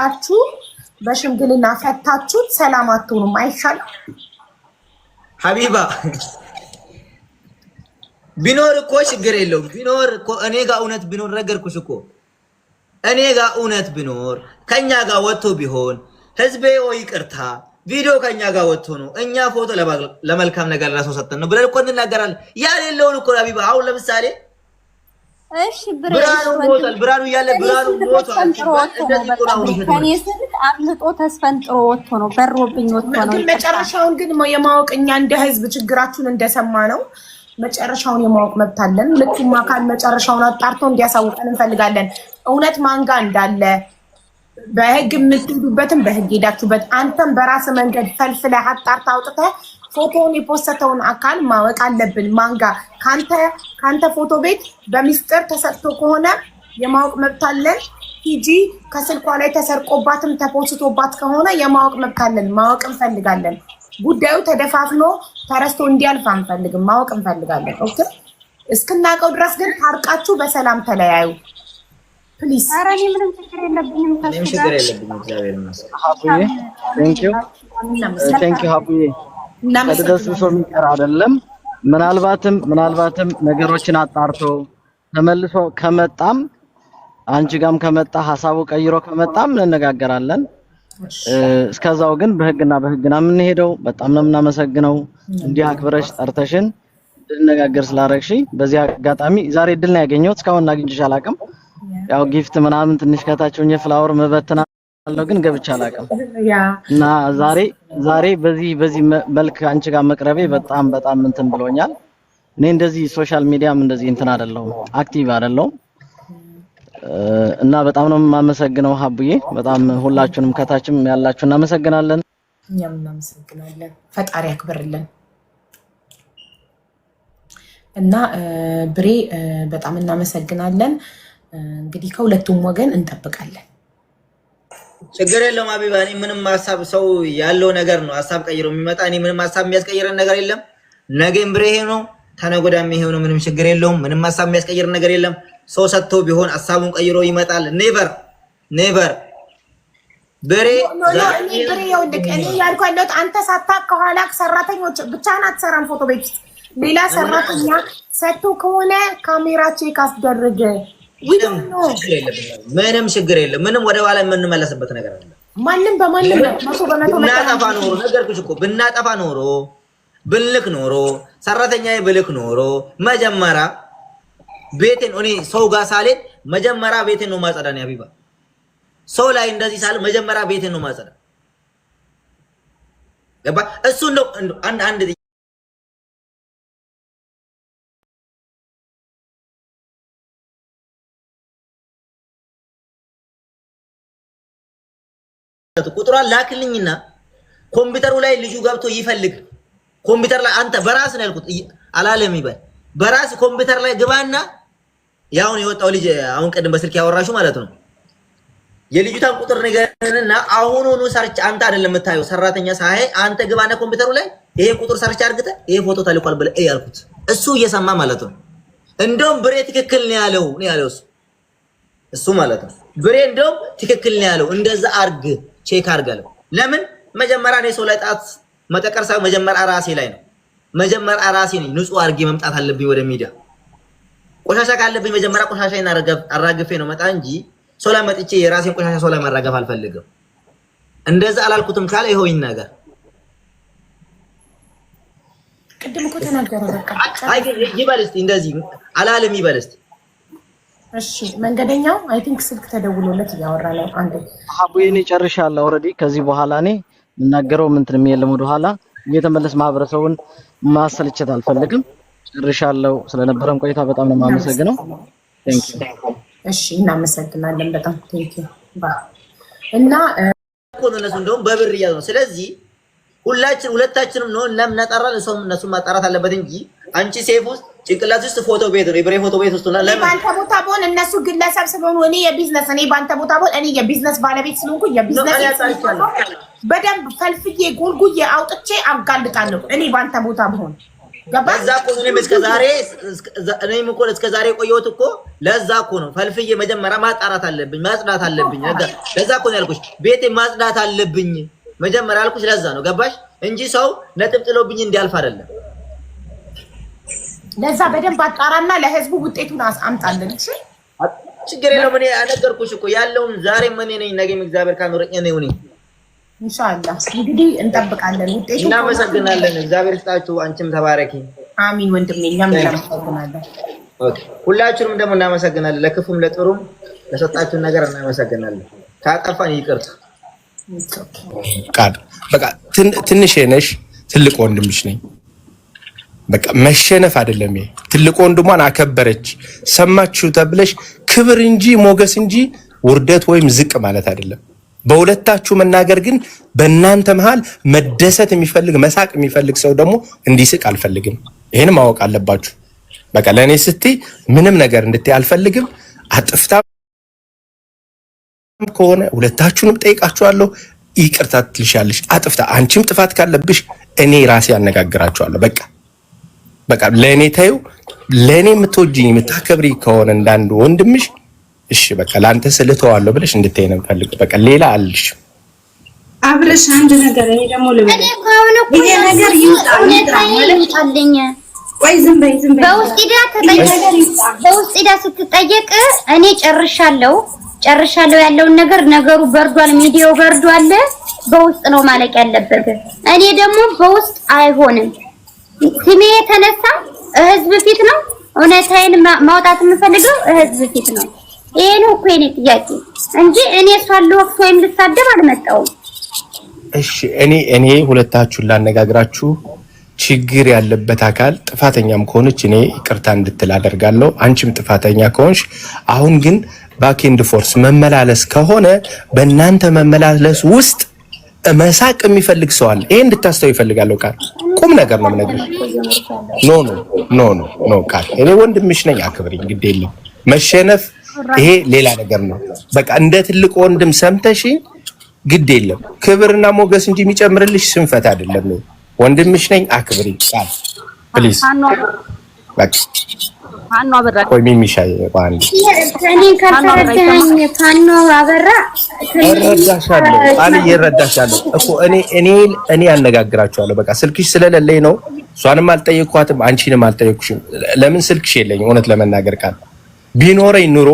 አችሁ በሽምግልና ፈታችሁት፣ ሰላም አትሆኑም። አይሻልም? ሀቢባ ቢኖር እኮ ችግር የለውም። ቢኖር እኮ እኔ ጋር እውነት ቢኖር ነገርኩሽ እኮ እኔ ጋር እውነት ቢኖር ከኛ ጋር ወጥቶ ቢሆን ህዝቤ፣ ወይ ይቅርታ፣ ቪዲዮ ከኛ ጋር ወጥቶ ነው እኛ ፎቶ ለመልካም ነገር ራሱ ሰጠን ነው ብለን እኮ እንናገራለን። ያ ሌለውን እኮ ሀቢባ አሁን ለምሳሌ እሺ ብርሃኑ ሞቷል። ብርሃኑ እያለ ብርሃኑ ሞቷል። ከኔ ስልክ አምልጦ ተስፈንጥሮ ወጥቶ ነው በሮብኝ ወጥቶ ነው። ግን መጨረሻውን ግን የማወቅ እኛ እንደ ህዝብ ችግራችሁን እንደሰማ ነው መጨረሻውን የማወቅ መብት አለን። ሁለቱም አካል መጨረሻውን አጣርቶ እንዲያሳውቀን እንፈልጋለን። እውነት ማንጋ እንዳለ በህግ የምትሄዱበትም በህግ ሄዳችሁበት አንተም በራስ መንገድ ፈልፍለህ አጣርተህ አውጥተህ ፎቶውን የፖሰተውን አካል ማወቅ አለብን። ማንጋ ከአንተ ፎቶ ቤት በሚስጥር ተሰጥቶ ከሆነ የማወቅ መብት አለን። ሂጂ ከስልኳ ላይ ተሰርቆባትም ተፖስቶባት ከሆነ የማወቅ መብት አለን። ማወቅ እንፈልጋለን። ጉዳዩ ተደፋፍኖ ተረስቶ እንዲያልፍ አንፈልግም። ማወቅ እንፈልጋለን። ኦኬ እስክናውቀው ድረስ ግን ታርቃችሁ በሰላም ተለያዩ። ፕሊዝ። ኧረ እኔ ምንም ችግር የለብኝም። ችግር የለብኝም። እግዚአብሔር ይመስገን። ሀቡዬ ተደስሶ የሚቀር አይደለም። ምናልባትም ምናልባትም ነገሮችን አጣርቶ ተመልሶ ከመጣም አንቺ ጋም ከመጣ ሀሳቡ ቀይሮ ከመጣም እንነጋገራለን። እስከዛው ግን በህግና በህግና የምንሄደው በጣም ነው የምናመሰግነው። እንዲህ አክብረሽ ጠርተሽን እንድንነጋገር ስላረግሽ በዚህ አጋጣሚ ዛሬ እድል ነው ያገኘሁት። እስካሁን አግኝቼሽ አላውቅም። ያው ጊፍት ምናምን ትንሽ ከታችሁኝ ፍላወር መበትና አለው ግን ገብቼ አላውቅም። እና ዛሬ ዛሬ በዚህ በዚህ መልክ አንቺ ጋር መቅረቤ በጣም በጣም እንትን ብሎኛል። እኔ እንደዚህ ሶሻል ሚዲያም እንደዚህ እንትን አይደለሁም፣ አክቲቭ አይደለሁም። እና በጣም ነው የማመሰግነው ሀቡዬ፣ በጣም ሁላችሁንም ከታችም ያላችሁ እናመሰግናለን። እኛም እናመሰግናለን። ፈጣሪ ያክብርልን። እና ብሬ በጣም እናመሰግናለን። እንግዲህ ከሁለቱም ወገን እንጠብቃለን። ችግር የለውም አቢባ። እኔ ምንም ሀሳብ ሰው ያለው ነገር ነው ሀሳብ ቀይሮ የሚመጣ እኔ ምንም ሀሳብ የሚያስቀይረን ነገር የለም። ነገም ብሬ ይሄ ነው፣ ተነጎዳም ይሄ ነው። ምንም ችግር የለውም። ምንም ሀሳብ የሚያስቀይረን ነገር የለም። ሰው ሰጥቶ ቢሆን ሀሳቡን ቀይሮ ይመጣል። ኔቨር ኔቨር ብሬ ብሬ እኔ ያለሁት አንተ ሳታውቅ ከኋላ ሰራተኞች ብቻህን አትሰራም። ፎቶ ቤት ውስጥ ሌላ ሰራተኛ ሰጥቶ ከሆነ ካሜራ ቼክ አስደርግ ምንም ችግር የለም። ምንም ወደ ኋላ የምንመለስበት ነገር አለ። ማንም በማንም ብናጠፋ ኖሮ ነገርኩሽ እኮ ብናጠፋ ኖሮ ብልክ ኖሮ ሰራተኛ ብልክ ኖሮ መጀመሪያ ቤቴን እኔ ሰው ጋር ሳልሄድ መጀመሪያ ቤቴን ነው ማጸዳን ያቢባ ሰው ላይ እንደዚህ ሳል መጀመሪያ ቤቴን ነው ማጸዳ። ገባ እሱ እንደው አንድ አንድ ቁጥሯን ላክልኝና ኮምፒውተሩ ላይ ልጁ ገብቶ ይፈልግ። ኮምፒውተር ላይ አንተ በራስ ነው ያልኩት አላለም ይበል። በራስ ኮምፒውተር ላይ ግባና ያሁን የወጣው ልጅ አሁን ቅድም በስልክ ያወራሹ ማለት ነው የልጅቷን ቁጥር ንገርንና አሁኑኑ ሰርች። አንተ አይደለም የምታየው ሰራተኛ ሳይ አንተ ግባና ኮምፒውተሩ ላይ ይሄ ቁጥር ሰርች አድርገህ ይሄ ፎቶ ተልኳል ብለህ ያልኩት እሱ እየሰማ ማለት ነው። እንደውም ብሬ ትክክል ነው ያለው ነው ያለው እሱ እሱ ማለት ነው ብሬ እንደውም ትክክል ነው ያለው እንደዛ አርግ ቼክ አድርገለው። ለምን መጀመሪያ እኔ ሰው ላይ ጣት መጠቀር ሳይሆን መጀመሪያ ራሴ ላይ ነው። መጀመሪያ ራሴ ነኝ ንጹህ አድርጌ መምጣት አለብኝ ወደ ሚዲያ። ቆሻሻ ካለብኝ መጀመሪያ ቆሻሻ አራግፌ ነው መጣ እንጂ ሰው ላይ መጥቼ የራሴን ቆሻሻ ሰው ላይ ማራገፍ አልፈልግም። እንደዛ አላልኩትም ካለ ይኸው ነገር ቅድም እኮ ተናገረ። በቃ ይበል እስኪ እንደዚህ አላለም። ይበል እስኪ እሺ መንገደኛው አይ ቲንክ ስልክ ተደውሎለት እያወራ ነው። አንዴ ሀቡዬ እኔ ጨርሻለሁ ኦልሬዲ። ከዚህ በኋላ እኔ የምናገረው ምንትን የሚየለም ወደኋላ እየተመለስ ማህበረሰቡን ማሰልቸት አልፈልግም። ጨርሻለሁ። ስለነበረን ቆይታ በጣም ነው የማመሰግነው። እሺ እናመሰግናለን በጣም ቴንክ ዩ እና እነሱ እንደውም በብር እያሉ ነው። ስለዚህ ሁላችን ሁለታችንም ነው እናም እናጣራለን። እሷም እነሱ ማጣራት አለበት እንጂ አንቺ ሴፍ ውስጥ ጭንቅላት ውስጥ ፎቶ ቤት ነው። የብሬ ፎቶ ቤት ውስጥ ነው። ለምን ባንተ ቦታ ብሆን እነሱ ግለሰብ ስለሆኑ እኔ የቢዝነስ እኔ ባንተ ቦታ ብሆን እኔ የቢዝነስ ባለቤት ስለሆንኩ የቢዝነስ በደንብ ፈልፍዬ ጎልጉዬ አውጥቼ አጋልጣለሁ። እኔ ባንተ ቦታ ብሆን ገባዛ እኮ እኔም እስከዛሬ እኔም እኮ እስከዛሬ ቆየሁት እኮ ለዛ እኮ ነው ፈልፍዬ መጀመሪያ ማጣራት አለብኝ ማጽዳት አለብኝ። ለዛ እኮ ነው ያልኩሽ ቤቴ ማጽዳት አለብኝ መጀመሪያ አልኩሽ። ለዛ ነው ገባሽ እንጂ ሰው ነጥብ ጥሎብኝ እንዲያልፍ አይደለም። ለዛ በደንብ አጣራና ለህዝቡ ውጤቱን አምጣልን። እሺ ችግር የለውም። እኔ አነገርኩሽ እኮ ያለውን ዛሬም እኔ ነኝ፣ ነገም እግዚአብሔር ካኖረኝ እኔው ነኝ። ኢንሻአላህ እንግዲህ እንጠብቃለን ውጤቱን። እናመሰግናለን። እግዚአብሔር ይስጣችሁ። አንቺም ተባረኪ። አሚን ወንድሜ፣ እኛም እናመሰግናለን። ኦኬ፣ ሁላችሁንም ደግሞ እናመሰግናለን። ለክፉም ለጥሩም ለሰጣችሁን ነገር እናመሰግናለን። ካጠፋን ይቅርታ። በቃ ትንሽ ነሽ፣ ትልቅ ወንድምሽ ነኝ። በቃ መሸነፍ አይደለም። ይሄ ትልቁ ወንድሟን አከበረች። ሰማችሁ ተብለሽ ክብር እንጂ ሞገስ እንጂ ውርደት ወይም ዝቅ ማለት አይደለም። በሁለታችሁ መናገር ግን በእናንተ መሃል መደሰት የሚፈልግ መሳቅ የሚፈልግ ሰው ደግሞ እንዲስቅ አልፈልግም። ይህን ማወቅ አለባችሁ። በቃ ለእኔ ስትይ ምንም ነገር እንድትይ አልፈልግም። አጥፍታ ከሆነ ሁለታችሁንም ጠይቃችኋለሁ። ይቅርታ ትልሻለሽ። አጥፍታ አንቺም ጥፋት ካለብሽ እኔ ራሴ አነጋግራችኋለሁ። በቃ በቃ ለእኔ ታዩ ለእኔ የምትወጂኝ የምታከብሪ ከሆነ እንዳንዱ ወንድምሽ እሺ በቃ ለአንተ ስልተዋለሁ ብለሽ እንድታይ ነው የምፈልገው። በቃ ሌላ አልልሽ። አብረሽ አንድ ነገር እኔ ደግሞ ልበል፣ ይሄ ነገር ይውጣ ይውጣልኝ። ወይ ዝም በይ ዝም በይ። በውስጥ ሂዳ በውስጥ ሂዳ ስትጠየቅ እኔ ጨርሻለሁ ጨርሻለሁ ያለውን ነገር ነገሩ በርዷል፣ ሚዲያው በርዷል። በውስጥ ነው ማለቅ ያለበት። እኔ ደግሞ በውስጥ አይሆንም ስሜ የተነሳ ህዝብ ፊት ነው። እውነታዬን ማውጣት የምፈልገው ህዝብ ፊት ነው። ይሄ ነው እኮ የኔ ጥያቄ እንጂ እኔ እሷን ልወቅስ ወይም ልሳደብ አልመጣሁም። እሺ እኔ እኔ ሁለታችሁን ላነጋግራችሁ ችግር ያለበት አካል ጥፋተኛም ከሆነች እኔ ይቅርታ እንድትል አደርጋለሁ። አንቺም ጥፋተኛ ከሆንሽ አሁን ግን ባክ ፎርስ መመላለስ ከሆነ በእናንተ መመላለስ ውስጥ መሳቅ የሚፈልግ ሰው አለ። ይሄ እንድታስተው ይፈልጋለሁ። ቃል ቁም ነገር ነው የምነግርሽ። ኖ ኖ ኖ ኖ ኖ ቃል እኔ ወንድምሽ ነኝ፣ አክብሪኝ። ግድ የለም መሸነፍ፣ ይሄ ሌላ ነገር ነው። በቃ እንደ ትልቅ ወንድም ሰምተሽ፣ ግድ የለም ክብርና ሞገስ እንጂ የሚጨምርልሽ ስንፈት አይደለም። ወንድምሽ ነኝ፣ አክብሪኝ ቃል ፕሊዝ እኔ ያነጋግራችኋለሁ። በቃ ስልክሽ ስለሌለኝ ነው። እሷንም አልጠየቅኳትም፣ አንቺንም አልጠየቅኩሽም። ለምን ስልክሽ የለኝም? እውነት ለመናገር ቃል ቢኖረኝ ኑሮ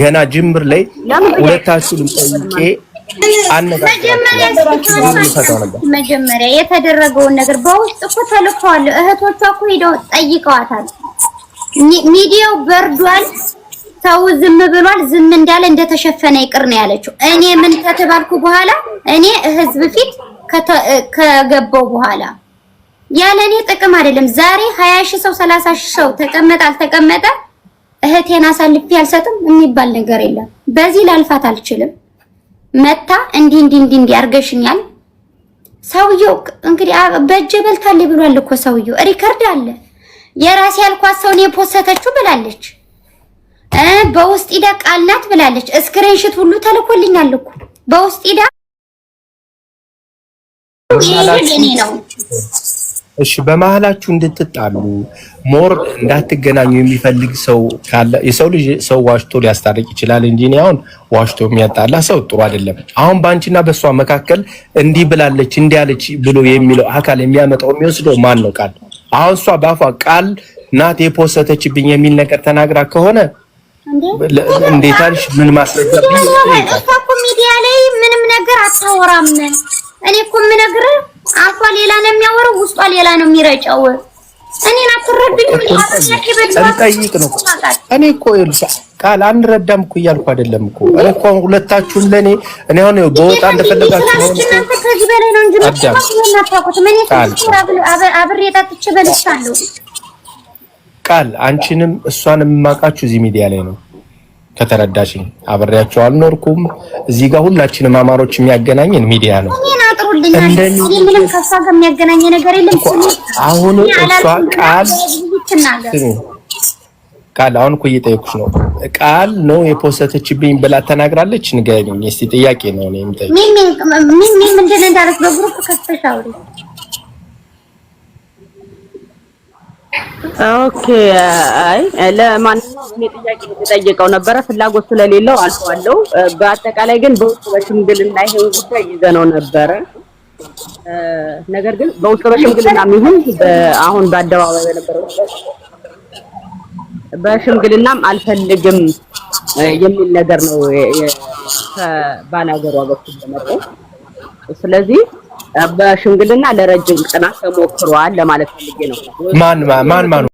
ገና ጅምር ላይ ሁለታችሁንም ጠይቄ መጀመሪያ የተደረገውን ነገር በውስጥ እኮ ተልከዋለሁ። እህቶቿ እኮ ሄደው ጠይቀዋታል። ሚዲያው በርዷል። ሰው ዝም ብሏል። ዝም እንዳለ እንደተሸፈነ ይቅር ነው ያለችው። እኔ ምን ከተባልኩ በኋላ እኔ ህዝብ ፊት ከገባው በኋላ ያለ እኔ ጥቅም አይደለም። ዛሬ 20 ሺህ ሰው 30 ሺህ ሰው ተቀመጠ አልተቀመጠ እህቴን አሳልፌ አልሰጥም የሚባል ነገር የለም። በዚህ ላልፋት አልችልም። መታ እንዲ እንዲ እንዲ እንዲ አርገሽኛል። ሰውየው እንግዲህ በእጄ በልታለች ብሏል እኮ ሰውየው ሪከርድ አለ። የራሴ ያልኳት ሰው ነው የፖሰተችው ብላለች። በውስጥ ኢዳ ቃልናት ብላለች። ስክሪንሽት ሁሉ ተልኮልኛል እኮ በውስጥ ኢዳ እሺ በመሀላችሁ እንድትጣሉ ሞር እንዳትገናኙ የሚፈልግ ሰው ካለ የሰው ልጅ ሰው ዋሽቶ ሊያስታርቅ ይችላል እንጂ እኔ አሁን ዋሽቶ የሚያጣላ ሰው ጥሩ አይደለም። አሁን በአንቺና በእሷ መካከል እንዲህ ብላለች እንዲህ ብሎ የሚለው አካል የሚያመጣው የሚወስደው ማን ነው? ቃል አሁን እሷ በአፏ ቃል ናት የፖሰተችብኝ የሚል ነገር ተናግራ ከሆነ እንዴት አልሽ? ምን ማስረጃ ሚዲያ ላይ ምንም ነገር አታወራም። እኔ እኮ የምነግርህ አፏ ሌላ ነው የሚያወራው፣ ውስጧ ሌላ ነው የሚረጨው። እኔን አትረዱኝ። ልጠይቅ ነው እኔ እኮ ኤልሳ ቃል አንረዳም እኮ እያልኩ አይደለም እኮ እኔ እኮ ሁለታችሁም ለእኔ እኔ አሁን በወጣ እንደፈለጋችሁ ነው ቃል አንቺንም እሷን የማውቃችሁ እዚህ ሚዲያ ላይ ነው። ከተረዳሽኝ አብሬያቸው አልኖርኩም። እዚህ ጋር ሁላችንም አማሮች የሚያገናኝን ሚዲያ ነው። ፈጥሩልኛል። ምንም ከሷ ጋር ነገር የለም። አሁን እሷ ቃል ቃል አሁን እኮ እየጠየኩሽ ነው። ቃል ነው የፖሰተችብኝ ብላ ተናግራለች። ንገሪኝ እስኪ ጥያቄ ነው ነው የምጠይቅ በግሩፕ ከፍተሽ ኦኬ። አይ ለማንኛውም እኔ ጥያቄ የተጠየቀው ነበረ ፍላጎት ስለሌለው አልፈዋለሁ። በአጠቃላይ ግን በውስጥ በሽምግልና ይሄን ጉዳይ ይዘነው ነበረ። ነገር ግን በውስጥ በሽምግልና የሚሆን አሁን በአደባባይ በነበረው በሽምግልናም አልፈልግም የሚል ነገር ነው ከባላገሯ በኩል የመጣው ስለዚህ በሽምግልና ለረጅም ቀናት ተሞክሯል ለማለት ፈልጌ ነው። ማን ማን ማን